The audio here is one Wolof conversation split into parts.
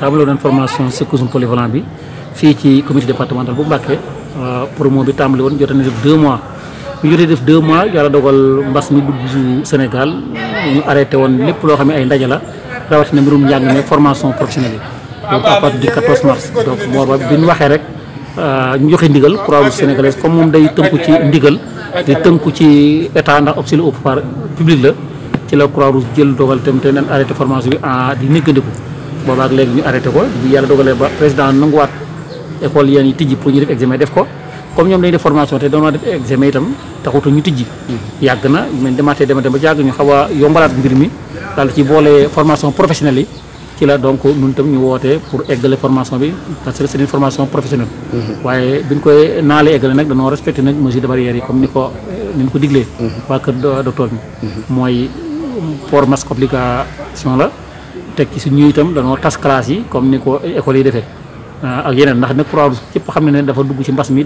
tableau d'information si COUSUM polyvalent bi fii ci comité départemental bu Mbacké euh, promo bi tàmbali woon jotee na def deux mois bu jotee def deux mois yàlla dogal mbas mi dugg Sénégal ñu arrêté woon lépp loo xam ne ay ndaje la rawatina mbirum njàng ne formation professionnelle yi donc à partir du mars moo ba bi ñu waxee rek euh, ñu joxe ndigal croix sénégalaise comme moom day tënku ci ndigal di tënku ci état ndax obsolète au pouvoir public la ci la Croix-Rouge jël dogal tamit te neen arrêté formation bi en ah, di néggandiku boobaak léegi ñu arrêté ko bu yàlla dogalee ba président nanguwaat école yéen yi tijji pour ñu def examen def ko comme ñoom dañu def formation te doon def examen itam taxutu ñu tijji yàgg na mais demaatee dema dem ba yàgg ñu xaw a yombalaat mbir mi daal ci boole formation professionnelle yi ci la donc ñun itam ñu wootee pour eggale formation bi parce que c'est une formation professionnelle mhm. waaye bi ñu koy naalee eggale nag dañoo respecté nag mesures de mhm. mhm. la teg ci suñu itam danoo tas classe yi comme ni ko école yi defee ah, ak yeneen ndax nag ba ci bi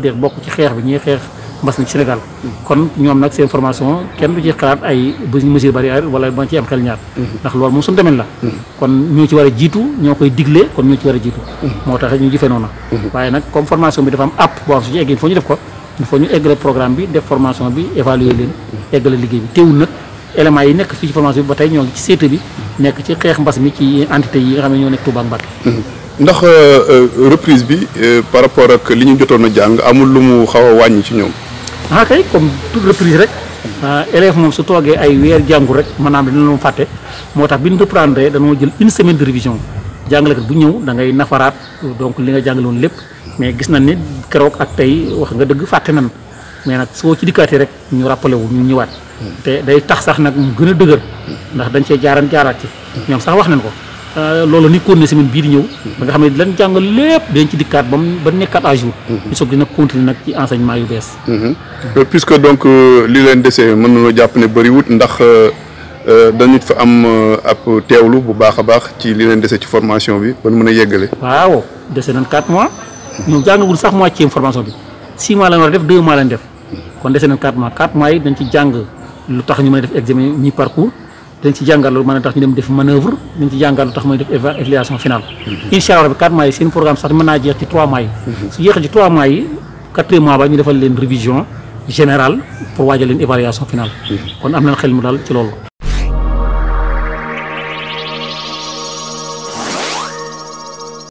dafa am app boo xam suñu egg il faut ñu ko il faut ñu eggale programme bi def formation bi évaluer leen eggale liggéey bi teewul nag éléments yi nekk fii ci formation bi ba tey ñoo ngi ci seeta bi nekk ci xeex mbas mi ci entité yi nga xam ne ñoo nekk Touba ak Mbacké mhm. ndax euh, euh, reprise bi euh, par rapport ak li ñu jotoon a jàng amul lu mu xaw a wàññi ci ñoom. ah kay comme toute reprise rek. Ah, élève moom su toogee ay weer jàngu rek maanaam dina loom fàtte moo tax bi ñu reprendre dañoo jël une semaine de révision jàngalekat bu ñëw da ngay nafaraat donc li nga jàngaloon lépp mais gis nañ nit keroog ak tey wax nga dëgg fàtte nan mais nag soo ci dikkaatee rek ñu rappelé wu ñu ñëwaat. te day tax sax nag mu gën a dëgër. ndax dañ cee jaaran jaaraat ci. ñoom sax wax nañ ko. Euh, loolu ni si semaine bii di ñëw ba nga xam ne lan jàng lépp dañ ci dikkaat ba ba nekkaat à jour mhm. ñu nag ci enseignement yu bees mhm. euh, puisque donc euh, li leen desee mën nañoo jàpp ne bëriwut ndax dañu fa am ab teewlu bu baax a baax ci li leen dese ci formation bi ban mën a yeggale waaw dese nañ 4 mois ñoom jàngagul sax moitié formation bi 6 mois lañ def kon desee na 4 mois 4 mois yi dañ ci jàng lu tax ñu mën a def examen ñi parcours dañ ci jàngal lu mën a tax ñu dem def manœuvre dañ ci jàngal lu tax mën a def évaluation finale. Mhm. incha allah rabi 4 mois seen programme sax mën naa jeex ci 3 mois yi. Mhm. su yéexee ci 3 mois yi 4 mois ba ñu defal leen révision générale pour waaja leen évaluation finale. Mhm. kon am nañ xel mu daal ci loolu.